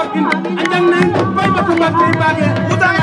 Mor Gine a jang nañ bay ba ko ba ko baage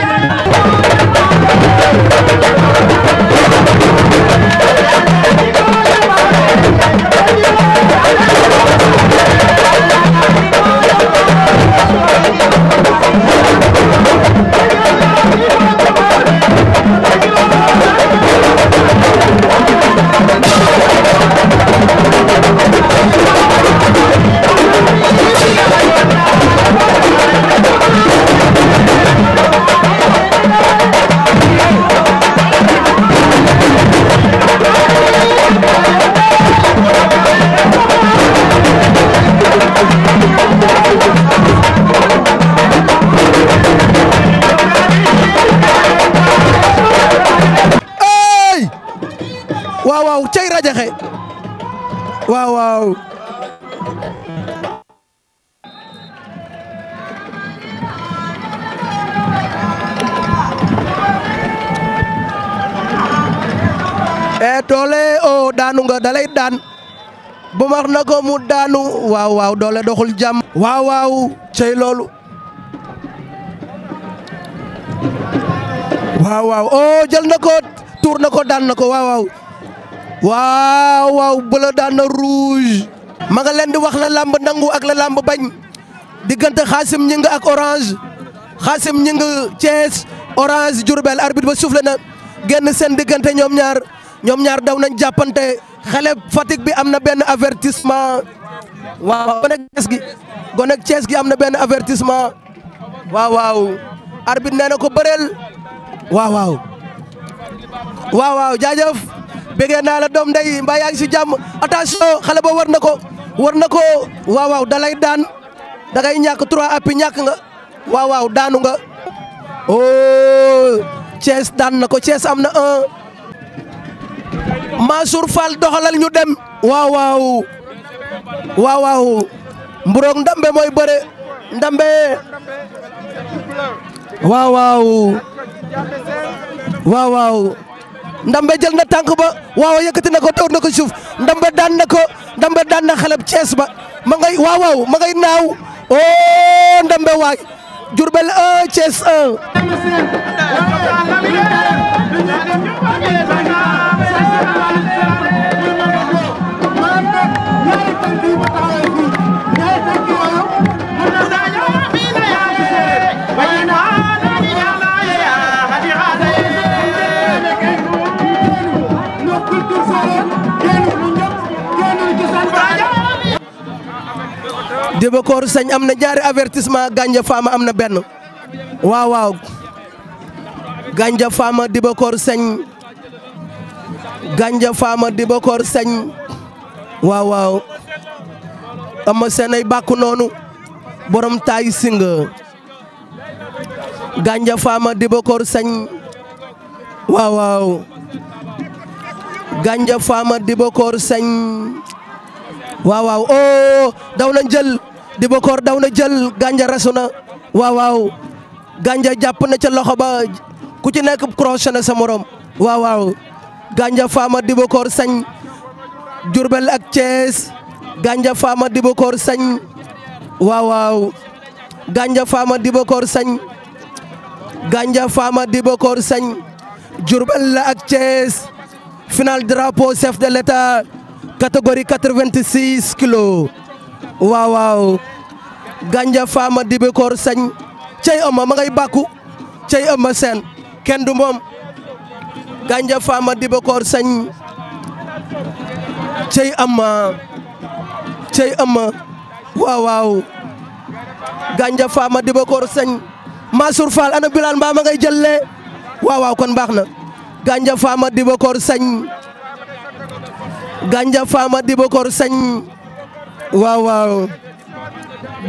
e doole o daanu nga dalay daan bu max na ko mu daanu waaw waaw doole doxul jàmm waaw waaw cey loolu waaw waaw o jël ko tuur na ko daan ko waaw waaw waaw waaw bëla daan na rouge nga leen di wax la làmb nangu ak la làmb bañ diggante xaasim ñi nga ak orange xaasim ñi nga orange Diourbel arbitre ba soufflé na génn seen diggante ñoom ñaar ñoom ñaar daw nañ jàppante xale Fatick bi am na benn avertissement waaw gonek Thiès gi gi am na benn avertissement waaw waaw nee na ko bëreel waaw waaw waaw waaw jaajëf bëggee naa la doom ndey mbaa yaa ngi si xale ba war na ko war na ko waaw waaw da lay daan da ngay ñàkk trois appuis ñàkk nga waaw waaw daanu nga oh Thiès daan na ko cees am na un Mansour Fall doxalal ñu dem waaw waaw waaw waaw mburoog ndambe mooy bëre ndambe waaw waaw waaw waaw ndambe jël na tànk ba waaw yëkkati na ko dóor ko suuf ndambe daan na ba ma ngay waaw waaw ma ngay naaw oo oh, ndambe waay Diourbel 1 Thiès Débakooru Sañ am na ñaari avertissement Ganja Fama am na benn waaw waaw Ganja Fama Débakooru Sañ Ganja Fama Débakooru Sañ waaw waaw ama seen ay noonu borom taay singa Ganja Fama Débakooru Sañ waaw waaw Ganja Fama Débakooru Sañ waaw waaw oh daw na jël Dibakor daw na jël Ganja rasu na waaw waaw Ganja jàpp na ca loxo ba ku ci nekk crochet na sa morom waaw waaw Ganja Fama Dibakor sañ Diourbel ak Thiès Ganja Fama Dibakor sañ waaw Fama Dibakor sañ Ganja Fama Dibakor sañ Diourbel la ak Thiès final drapeau chef de l'État catégorie 86 kilos waaw waaw Gandia Fama Dibikor Sagne ma ngay bàkku cey Eumeu Sène kenn du moom Gandia Fama Dibikor sañ cey Eumeu cey Eumeu waaw waaw Gandia Fama Dibikor Sagne Mansour Fall ana mbaa ma ngay jëlle waaw waaw kon baax na Gandia Fama Dibikor Sagne ganja faama dibokor sañ waaw waaw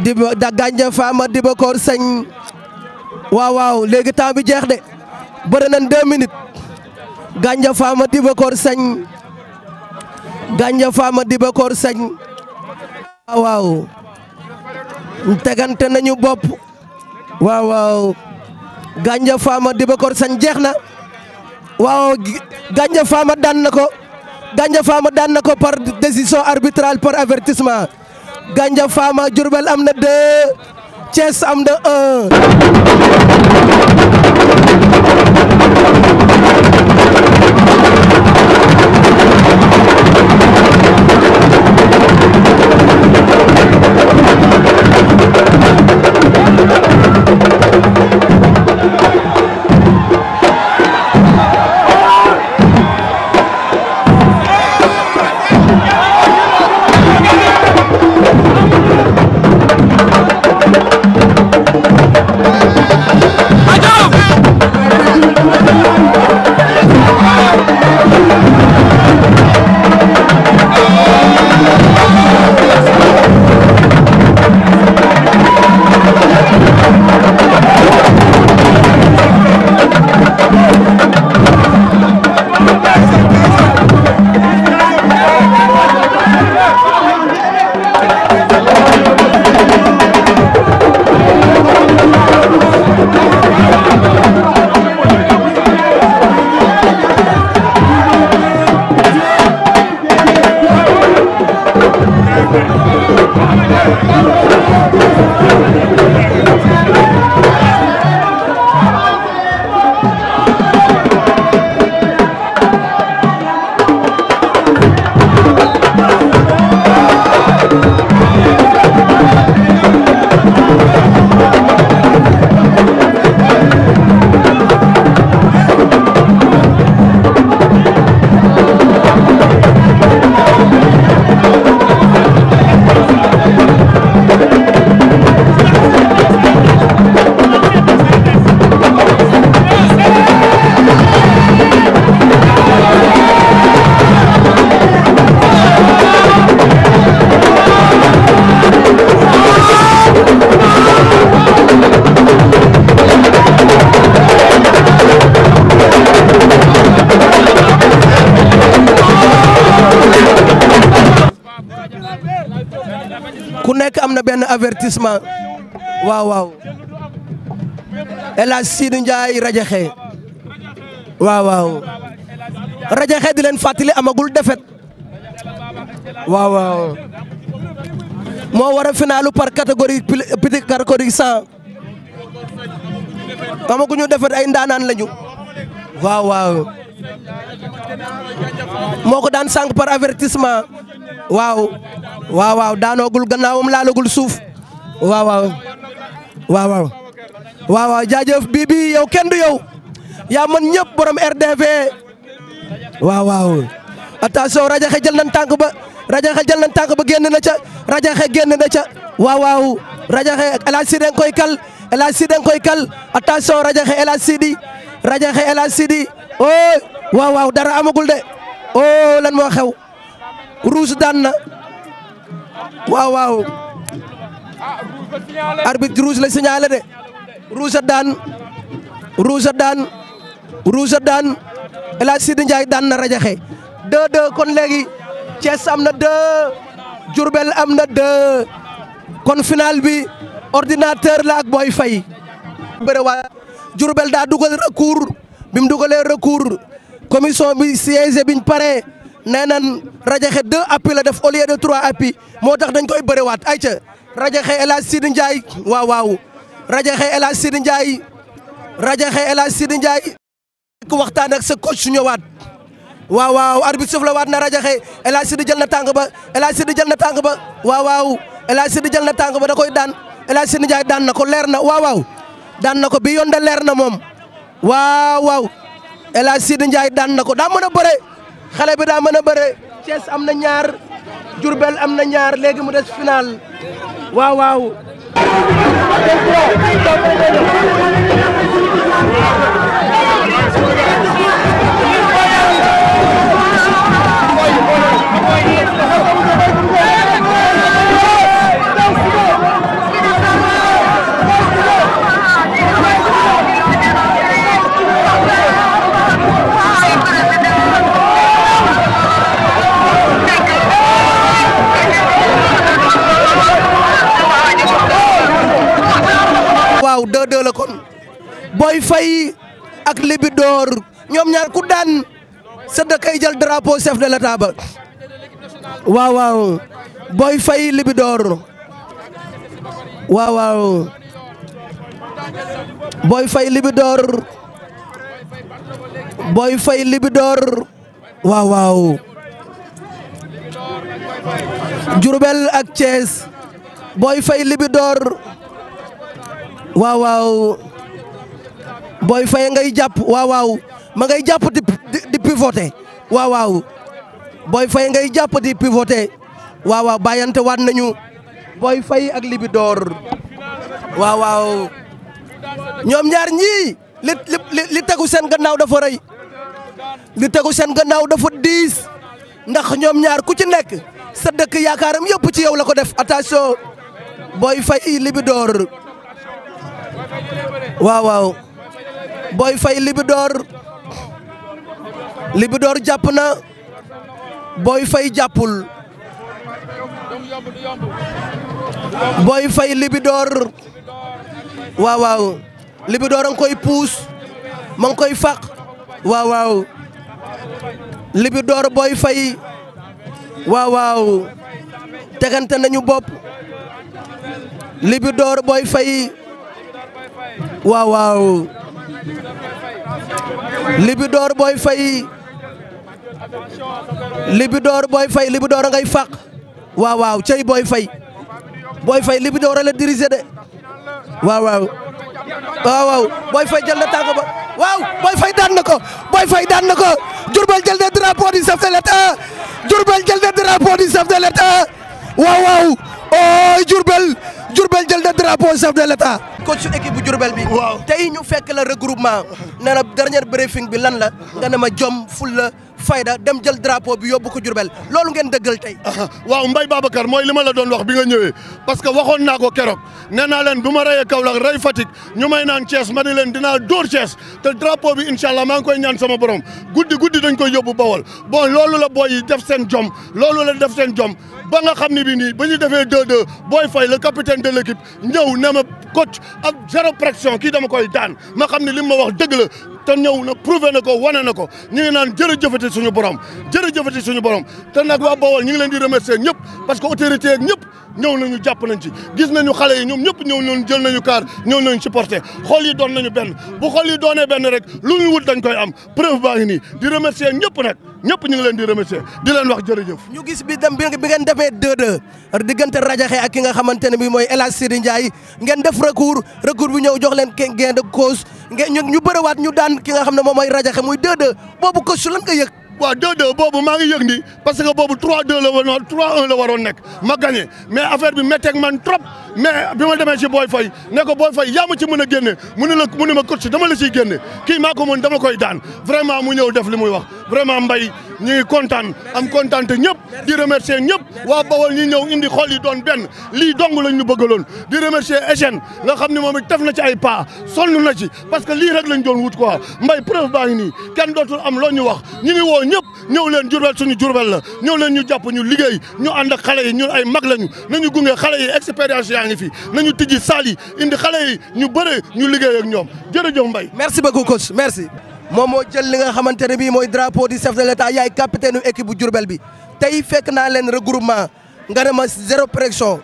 dibo da ganja faama dibokor sañ waaw waaw léegi temps bi jeex de bëri nañ deux minutes ganja faama dibokor sañ ganja faama dibokor sañ waaw waaw tegante nañu bopp waaw waaw ganja faama dibokor sañ jeex na waaw ganja faama daan na ko Gandia Fama daan na ko par décision arbitrale par avertissement Gandia Fama Diourbel am na 2 Thiès am na 1 avertissement waaw waaw El Hadj Sidou Ndiaye Radiakhé waaw waaw Radiakhé di leen fàttali amagul defet waaw waaw moo war finalu par catégorie petit catégorie cent amaguñu défaite ay ndaanaan lañu waaw waaw moo ko daan sànq par avertissement waaw waaw waaw daanoogul gannaawam laalagul suuf waaw waaw waaw waaw waaw waaw jaajëf bii bii yow kenn du yow yaa man ñëpp borom RDV waaw waaw attention rajaxe jël nañ tànk ba rajaxe jël nañ tànk ba génn na ca rajaxe génn na ca waaw waaw rajaxe El Hadj Sidi koy kal El Hadj Sidi koy kal attention rajaxe El Hadj Sidi rajaxe El Hadj Sidi oh waaw waaw dara amagul de oh lan moo xew ruus daan na waaw waaw. arbitre rouge la signalé de rouge a daan rouge daan rouge daan El Hadj Sidi Ndiaye daan na rajaxe 2-2 kon léegi Thiès am na 2 Diourbel am na 2 kon final bi ordinateur la ak fay Faye bëre waa Diourbel daa dugal recours bi mu dugalee recours commission bi siège biñ pare nee nan rajaxe 2 appui la def au lieu de 3 appui moo tax dañ koy ay ca rajaxe El Hadj Sidi Ndiaye waaw waaw rajaxe El Hadj Sidi Ndiaye rajaxe El Hadj Sidi Ndiaye waxtaan ak sa coach su ñëwaat waaw waaw arbitre waat na rajaxe El Hadj Sidi jël na tàng ba El Hadj Sidi jël na tàng ba waaw waaw El Hadj Sidi jël na tàng ba da koy daan El Hadj Sidi Ndiaye daan na ko leer na waaw waaw daan na ko bi yoon de leer na moom waaw waaw El Hadj Sidi Ndiaye daan na ko daa mën a bëre xale bi daa mën a bëre Thiès am na ñaar Diourbel am na ñaar léegi mu des final waaw waaw waaw 2 kon Boy Faye ak Libidor ñoom ñaar ku daan sa dëkkay jël drapeau chef de l'état ba waaw waaw Boy Faye Libidor waaw waaw Boy ak Thiès Boy Faye Libidor waaw booy fay ngay jàpp waaw ma ngay jàpp di di pivoter booy fay ngay jàpp di pivoter waaw waaw bàyyante waat nañu booy fay ak libidoor waaw ñoom ñaar ñii li li li tegu seen gannaaw dafa rëy li tegu seen gannaaw dafa diis ndax ñoom ñaar ku ci nekk sa dëkk yaakaaram yëpp ci yow la ko def attention booy fay libidoor waaw waaw Boy Faye Libidor Libidor jàpp na booy fay jàppul booy fay Libidor waaw waaw Libidor a ngi koy puus ma ngi koy faq waaw waaw Libidor Boy fay waaw waaw tegante nañu bopp Libidor Boy Faye waaw waaw Libidor fay Faye Libidor Boy Faye Libidor ngay fàq waaw waaw cey Boy Faye Boy Faye Libidor la dirigé de waaw waaw waaw waaw Boy Faye jël na tànk ba waaw Boy na ko Boy Faye daan na ko Diourbel jël na drapeau du de l'État Diourbel jël na drapeau du chef de l'État waaw waaw oh Diourbel Diourbel jël na drapeau chef de l'État. coach su équipe bu Diourbel bi. waaw tey ñu fekk la regroupement nee na dernier briefing bi lan la nga ne ma jom ful la. fayda dem jël drapeau bi yóbbu ko Jurbel loolu ngeen dëggal tey waaw Mbaye Babacar mooy li ma la doon wax bi nga ñëwee parce que waxoon naa ko keroog nee naa leen bu ma reyee Kaolack rey fatik ñu may naan Thiès ma ne leen dinaa dóor Thiès te drapeau bi incha allah maa ngi koy ñaan sama borom guddi guddi dañ koy yóbbu Bawol bon loolu la booy yi def seen jom loolu la def seen jom ba nga xam ne bi nii ba ñu defee 2-2 Boy Faye le capitaine de l' équipe ñëw ne ma coach ak zéro pression kii dama koy daan ma xam ne li ma wax dëgg te ñëw na prouvé na ko wane na ko ñu naan jërëjëfati suñu borom jërëjëfati suñu borom te nag waa Bawol ñu ngi leen di remercier ñëpp parce que autorité ak ñëpp ñëw nañu jàpp nañ ci gis nañu xale yi ñoom ñëpp ñëw nañu jël nañu kaar ñëw nañu supporté xool yi doon nañu benn bu xool yi doonee benn rek lu ñu wut dañ koy am preuve baa ngi nii di remercier ñëpp nag ñëpp ñu ngi leen di remercier di leen wax jërëjëf ñu gis bi dem bi ngeen defee 2-2 diggante rajaxe ak ki nga xamante ne bi mooy El Hadj Sidi Ndiaye ngeen def recours recours bi ñëw jox leen gain de cause ñu bëriwaat ñu daan ki nga xam ne moom mooy rajaxe muy 2-2 boobu coach lan nga yëg waaw 2-2 boobu maa ngi yëg ni parce que boobu 3-2 la waroon 3-1 la waroon nekk ma gagné mais affaire bi métteeg man trop. mais bi ma demee ci Boy Faye ne ko Boy Faye yaa ma ci mën a génne mu ne la mu ma coach dama la ciy génne kii maa ko mën dama koy daan vraiment mu ñëw def li muy wax vraiment Mbaye ñu ngi kontaan am kontaan te ñëpp di remercier ñëpp waa Bawol ñi ñëw indi xol yi doon benn lii dong lañ ñu bëggaloon di remercier Etienne nga xam ne moom it def na ci ay pas sonn na ci parce que lii rek lañ doon wut quoi Mbaye preuve baa ngi nii kenn dootul am loo ñu wax ñu woo ñëpp ñëw leen Jurbel suñu Jurbel la ñëw leen ñu jàpp ñu liggéey ñu ànd xale yi ñun ay mag lañu nañu gunge xale yi expérience yaa ngi fi nañu tijji saal yi indi xale yi ñu bëre ñu liggéey ak ñoom jërëjëf Mbaye. merci beaucoup coach merci moom moo jël li nga xamante ne bii mooy drapo du chef de yaay capitaine u équipe bu Diourbel bi tey fekk naa leen regroupement nga ne ma zéro pression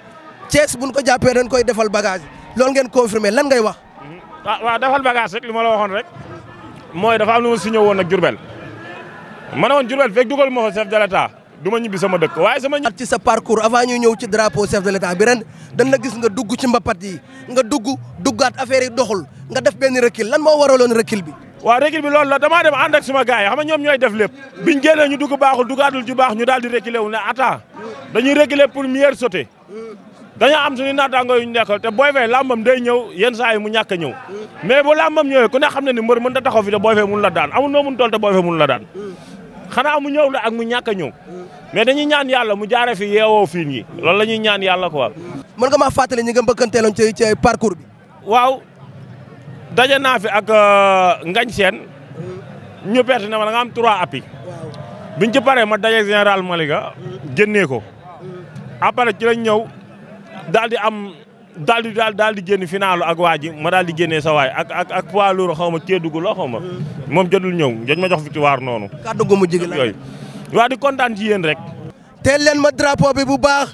Thiès buñ ko jàppee dañ koy defal bagage loolu ngeen confirmé lan ngay wax. Mm-hmm. ah waaw defal bagage rek li ma la waxoon rek mooy dafa am lu ma signé woon ak Diourbel ma ne woon Diourbel fekk dugal ma ko chef de du ma ñibbi sama dëkk waaye sama. ci sa parcours avant ñuy ñëw ci drapeau chef de l' état gis nga dugg ci mbapat yi nga dugg duggaat affaire yi doxul nga def benn recul lan moo waraloon recul bi. waa recul bi loolu la damaa dem ànd ak suma gars yi xam nga ñoom ñooy def lépp biñ génnee ñu dugg ñu daal di reculer wu ne ata dañuy reculer pour mieux sauter dañoo am suñu naataangoo yu ñu nekkal te Boy Faye làmbam day ñëw yenn saa yi mu ñàkk a ñëw mais bu làmbam ñëwee ku ne xam ne ni mbër mën ta taxaw fi te Boy Faye mun la daan amul noo toll te Boy Faye mun la daan xanaa mu ñëw la ak mu ñàkk a ñëw mais dañuy ñaan yàlla mu jaare fi yeewoo fii nii loolu la ñuy ñaan yàlla quoi. mën ko ma fàttali ñu nga mbëkkanteeloon ci ci parcours bi. waaw daje naa fi ak euh, ngañ seen ñu perte na ma da nga am trois appui biñ ci paree ma daje général Malika génnee ko mm. après ci lañ ñëw daal di am. daal di daal daal di génn finaalu ak waa ji ma daal di génnee sa waay ak ak ak poids lourd xaw ma Kédougou la xaw ma hmm. moom jotul ñëw jot ma jox victoire noonu. kàddu gu mujj gi la yooyu. waa di kontaan ci yéen rek. te leen ma drapeau bi bu baax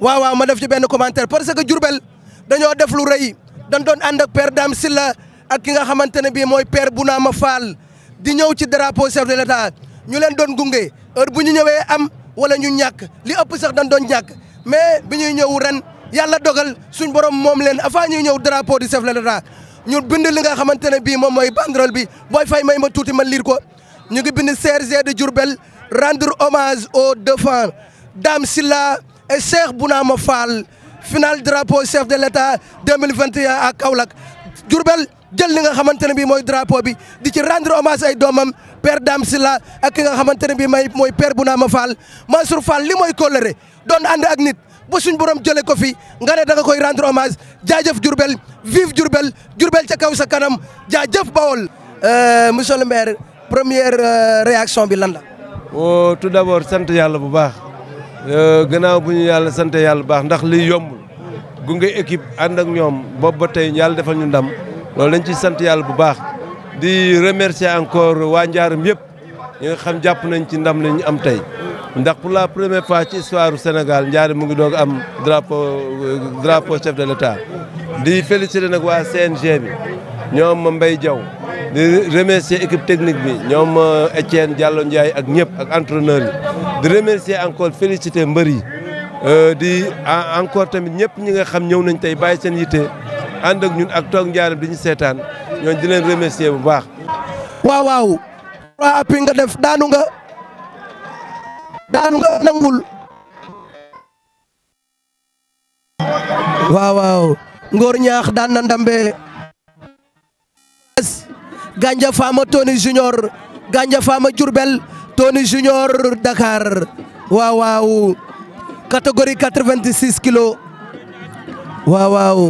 waaw waaw ma def ci benn commentaire parce que Diourbel dañoo def lu rëy dañ doon ànd ak père Dame Sylla ak ki nga xamante ne bii mooy père Bounama Fall di ñëw ci drapeau chef de l'État ñu leen doon gunge heure bu ñu ñëwee am wala ñu ñàkk li ëpp sax dañ doon ñàkk mais bi ñuy ñëw ren. yàlla dogal suñ borom moom leen avant ñuy ñëw drapo du chef de l'État ñu bind li nga xamante ne bii moom mooy banderole bi booy fay may ma tuuti ma liir ko ñu ngi bind CRG de Diourbel rendre hommage aux défunts Dame Silla et Cheikh ma Fall final drapeau chef de l'État 2021 à Kaolack Diourbel jël li nga xamante ne bii mooy drapeau bi di ci rendre hommage ay doomam père Dame Silla ak ki nga xamante ne bii may mooy père Bounama Fall Mansour Fall li mooy kóllëre doon ànd ak nit ba suñ borom jëlee ko fi nga ne da koy rendre hommage jaajëf Diourbel vive Diourbel Diourbel ca kaw sa kanam jaajëf Bawol. Euh, monsieur le maire première euh, réaction bi landa la. oh tout d'abord sant yàlla bu baax euh, gannaaw buñu yàlla sant yàlla bu baax ndax li yombul gunge équipe ànd ak ñoom boobu ba tey yàlla defal ñu ndam loolu lañ ciy sant yàlla bu baax di remercier encore waa Njaaram yëpp ñi xam jàpp nañ ci ndam la ñu am tey. ndax pour la première fois ci histoire Sénégal Ndiarème mu ngi doog am drapeau drapo chef de l'État di féliciter nag waa CNG bi ñoom Mbaye Diaw di remercier équipe technique bi ñoom euh, Etienne Diallo Ndiaye ak ñëpp ak entraîneur yi di remercier encore féliciter mbër yi euh, di encore tamit ñëpp ñi nga xam ñëw nañ tey bàyyi seen yitte ànd ak ñun ak toog Ndiarème di ñu seetaan ñooñu di leen remercier bu baax waaw waa appi nga def daanu nga daanu nga nangul waaw waaw ngoor ñaax daan na ndambe ganja faama Tony Junior ganja faama Diourbel Tony Junior Dakar waaw waaw catégorie 86 kilos waaw waaw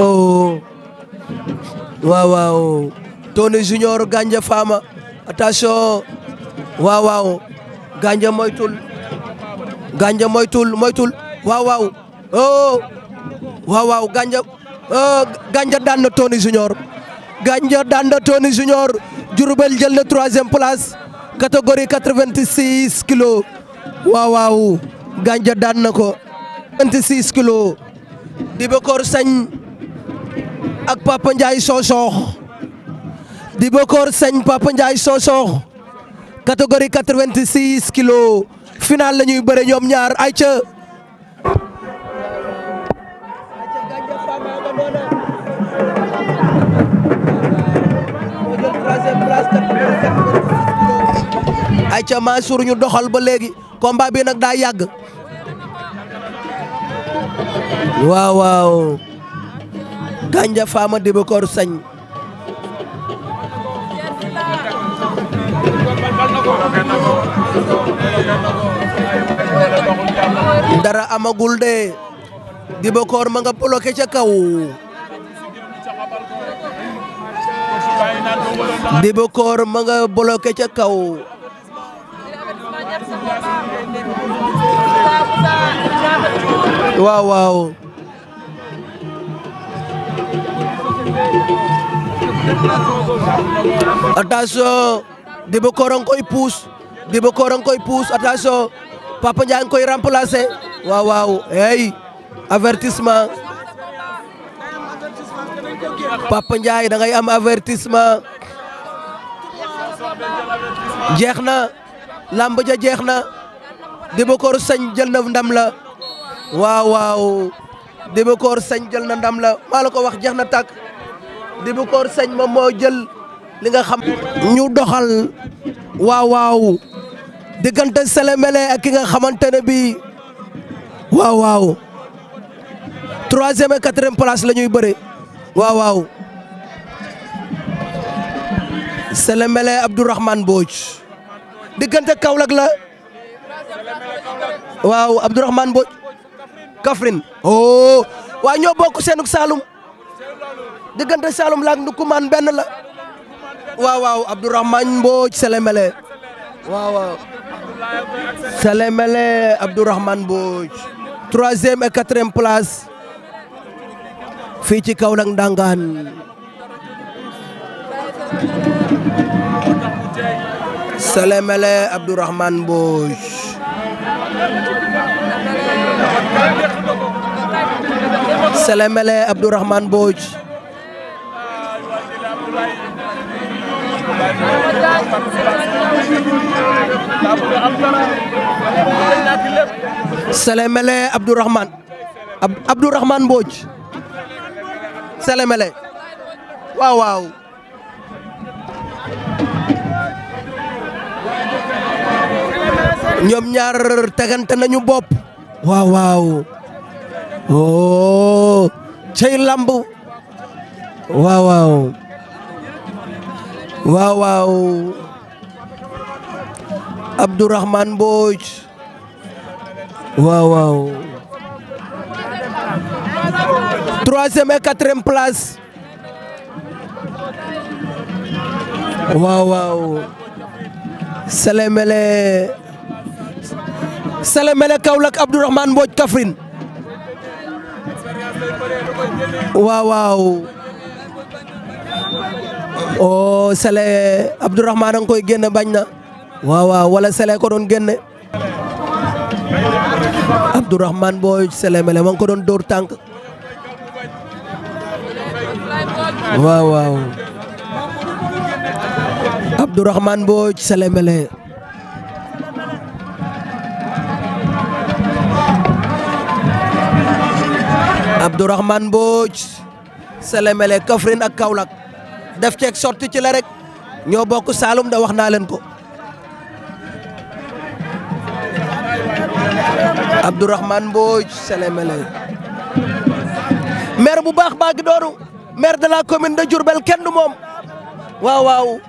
oh waaw waaw Tony Junior Gandia Fama attention waaw waaw Gandia moytul Gandia moytul moytul waaw waaw oh waaw waaw Gandia oh Gandia daan na Tony Junior Gandia daan na Tony Junior jël na troisième place catégorie 86 kilos waaw waaw Gandia daan na ko 26 kilo Dibakor Sagne ak Papa Ndiaye Sossokh di bokkoor sëñ Papa Ndiaye Sossokh catégorie 86 kilos final la ñuy bëre ñoom ñaar ay ca ay ca ñu doxal ba léegi combat bi nag daa yàgg waaw waaw ganja faama di bokkoor dara amagul de Dibakor ma nga bloqué ca kaw Dibakor ma nga bloqué ca kaw waaw waaw Dibou Kor a ngi koy puus Dibou Kor a ngi koy puus attention Papa Ndiaye a koy remplacer waaw waaw hey avertissement Papa Ndiaye da ngay am avertissement jeex na lamb ja jeex na Dibou Kor sañ jël na ndam la waaw waaw Dibou Kor sañ jël na ndam la maa la ko wax jeex na tàkk Dibou Kor sañ moom moo jël. li nga xam ñu doxal waaw waaw diggante Sélémélé ak ki nga xamante ne bii waaw waaw troisième et quatrième place la ñuy bëre waaw waaw Sélémélé Abdourahmane Mbodj diggante Kaolack la waaw Abdourahmane Mbodj Kaffrine oh waa ñoo bokk seenuk Saalum diggante Saalum laak Ndoukoumane benn la waaw waaw Abdourahmane Mbodj Sélémélé waaw waaw Sélémélé Abdourahmane Mbodj troisième et quatrième place fii ci Kaolack Ndangaan Sélémélé Abdourahmane Mbodj Sélémélé Abdourahmane Mbodj Selemele Abdourahmane Ab Abdourahmane Selemele waaw waaw ñoom ñaar tegante nañu bopp waaw waaw oo oh, cey lamb waaw waaw waaw waaw Abdourahmane Mbodj waaw waaw troisième et quatrième place waaw waaw Selemele Selemele Kaolack Abdourahmane Mbodj Kaffrine waaw waaw o oh, Sele Abdourahmane a koy génne bañ na waaw waaw wala Sele ko doon génne Abdourahmane booy Sele mele ma ngi ko doon dóor tànk waaw waaw Abdourahmane booy Sele mele Abdourahmane Mbodj Sele Mele Kaffrine ak Kaolack def ceeg sorti ci la rek ñoo bokk Saalum da wax naa leen ko Abdourahmane Mbodj Sélémélé maire bu baax baa doonu maire de la commune de kenn du moom waaw waaw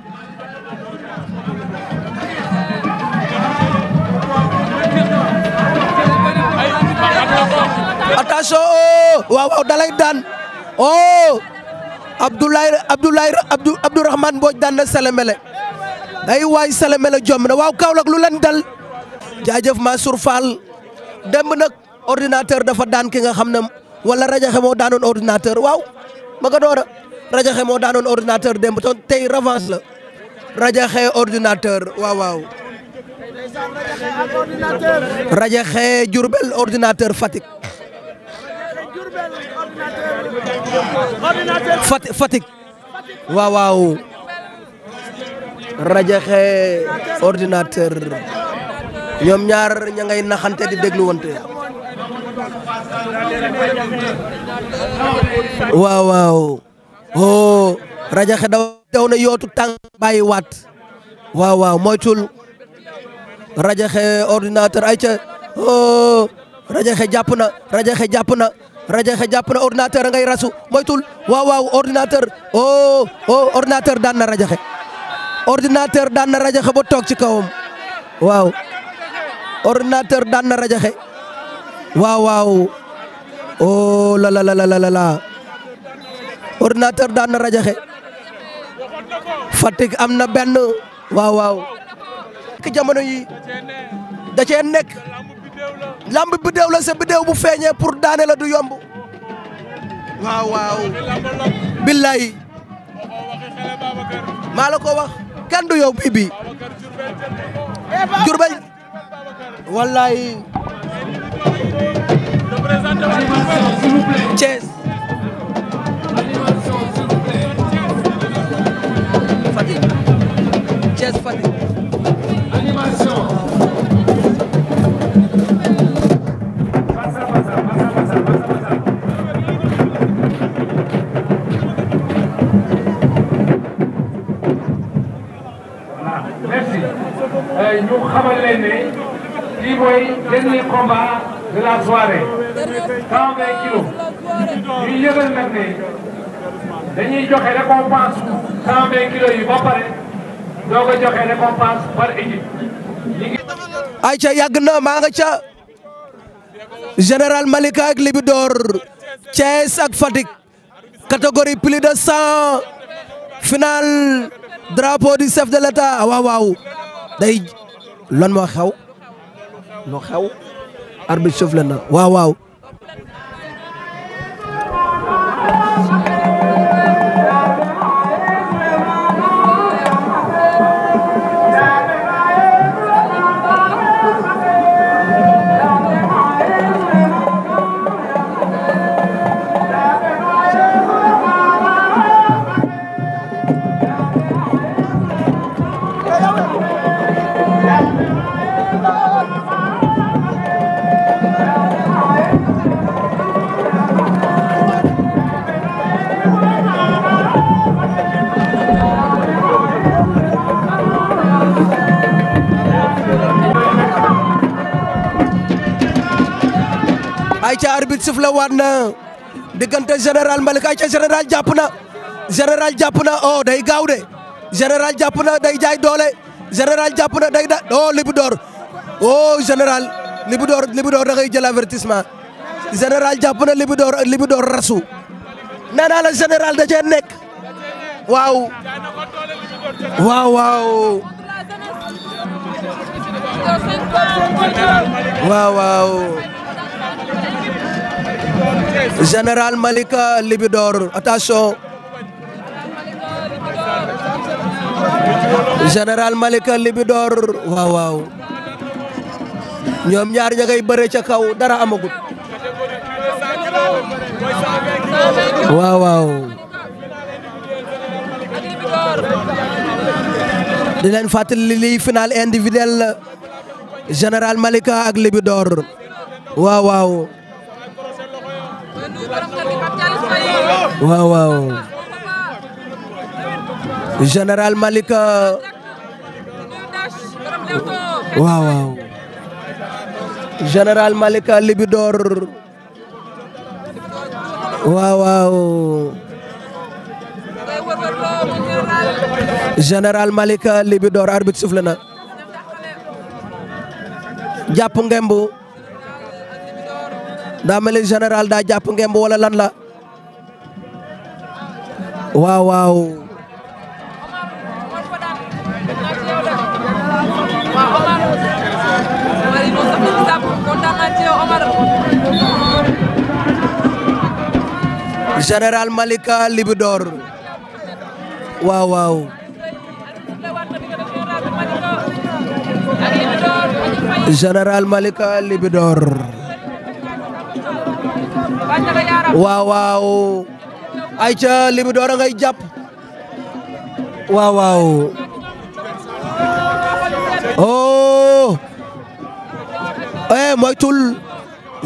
attention oh waaw waaw dalay daan oh Abdoulaye Abdoulaye Abdou Abdourahmane Mbodj daan na Sélémélé day waay Sélémélé jom na waaw Kaolack lu leen dal jaajëf Mansour Fall demb nag ordinateur dafa daan ki nga xam ne wala rajaxe moo daanoon ordinateur waaw ma nga door a rajaxe moo daanoon ordinateur demb ton tey revanche la rajaxe ordinateur waaw waaw rajaxe Diourbel ordinateur fatik Fatick Fatick waaw waaw rajaxe ordinateur ñoom ñaar ña naxante di déglu wante waaw waaw oh rajaxe daw na yootu tàng bàyyi waat waaw waaw moytul rajaxe ordinateur ay ca oh, rajaxe jàpp na rajaxe jàpp na rajo jàpp na ordinateur ngay rasu moytul waaw waaw ordinateur oh, oh ordinateur daan na rajo ordinateur daan na rajo xe toog ci kawam waaw ordinateur daan na rajo xe waaw waaw oh la ordinateur daan na rajo xe am na benn waaw waaw. jamono yi da cee nekk. lamb biddéew la sa biddéew bu feeñee pour daane du yomb waaw waaw billaay maa ko wax kenn du yow bii bii Jurbel wallaay Thiès Fatick Thiès mooy dernier combat de la soirée. 120 kilos. ñu yëgal nag ne dañuy joxe récompense 120 kilos yi ba pare doo ko joxe récompense par équipe. ayca yàgg na maa nga ca général Malika ak Libidor Thiès ak Fatick catégorie plus de 100 final drapeau du chef de l'État ah, waaw waaw day lan xew. lu xew. arbitre soufflé na waaw waaw arbitre sifle waat na diggante général Malika ca général jàpp na général jàpp na oh day gaaw de général jàpp na day jaay doole général jàpp na day da oh Libidor oh général Libidor Libidor da ngay jël avertissement général jàpp na Libidor Libidor rasu nee naa la général da cee nekk waaw waaw waaw général Malika Libidor attention général Malika Libidor waaw waaw ñoom ñaar ña ngay bëre ca kaw dara amagut waaw waaw di leen fàttali lii final individuel général Malika ak Libidor waaw waaw waaw waaw général Malika waaw euh, waaw waaw général Malika euh, euh, Libidor arbitre souffle na jàpp daa mel général daa jàpp ngemb wala lan la waaw waaw général Malika Libidor waaw Malika Libidor waaw waaw ay ca Libidor ngay jàpp waaw waaw oh eh moytul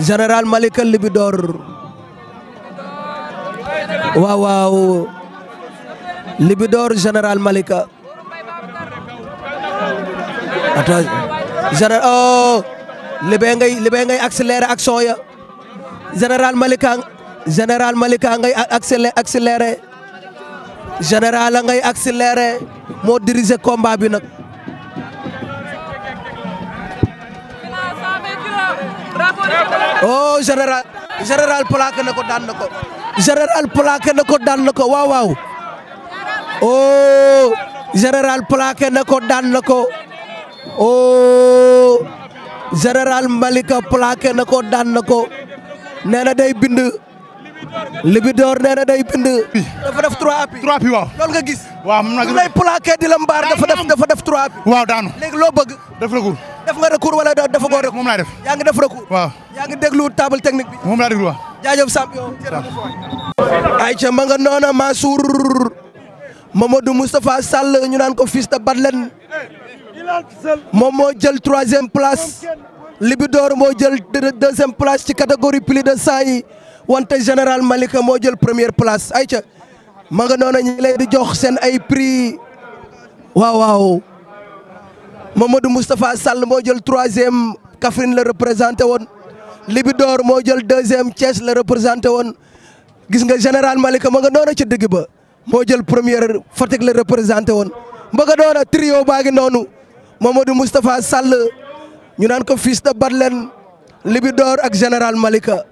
général Malika Libidor waaw waaw Libidor général Malika attends général oh libé ngay libé ya général Malika général Malika ngay accélé accéléré général ngay accéléré moo diriger komba bi nag. oh général général plaqué na ko daan na ko général plaqué na ko daan na waaw waaw oh général plaqué na daan na ko oh général Malika plaqué na ko daan na ko. nee na day bind. Libidor nee na day bind. dafa def 3 appuis. 3 appuis waaw. loolu nga gis. waaw mën naa gis lay plaqué di la mbaar dafa def dafa def 3 appuis. waaw daanu léegi loo bëgg. def recours. def nga recours wala dafa goo recours. moom laa def yaa ngi def recours. waaw yaa ngi déglu table technique bi. moom laa déglu waaw. jaajëf Samb yow. waaw. ayca ma nga noona Mansour Mamadou Moustapha Sall ñu naan ko fils de Badlen moom moo jël troisième place. Libidor moo jël deuxième place ci catégorie plus de cent yi wante général Malika moo jël première place ayca ma nga noonu ñi lay di jox seen ay prix waaw waaw Mamadou Moustapha Sall moo jël troisième Kaffrine la représenté woon Libidor moo jël deuxième Thiès la représenté woon gis nga général Malika ma nga noona ci digg ba moo jël première Fatick la représenté woon ma nga noona trio baa ngi noonu Mamadou Moustapha Sall. ñu naan ko fils de Batlen Libidor ak général Malika.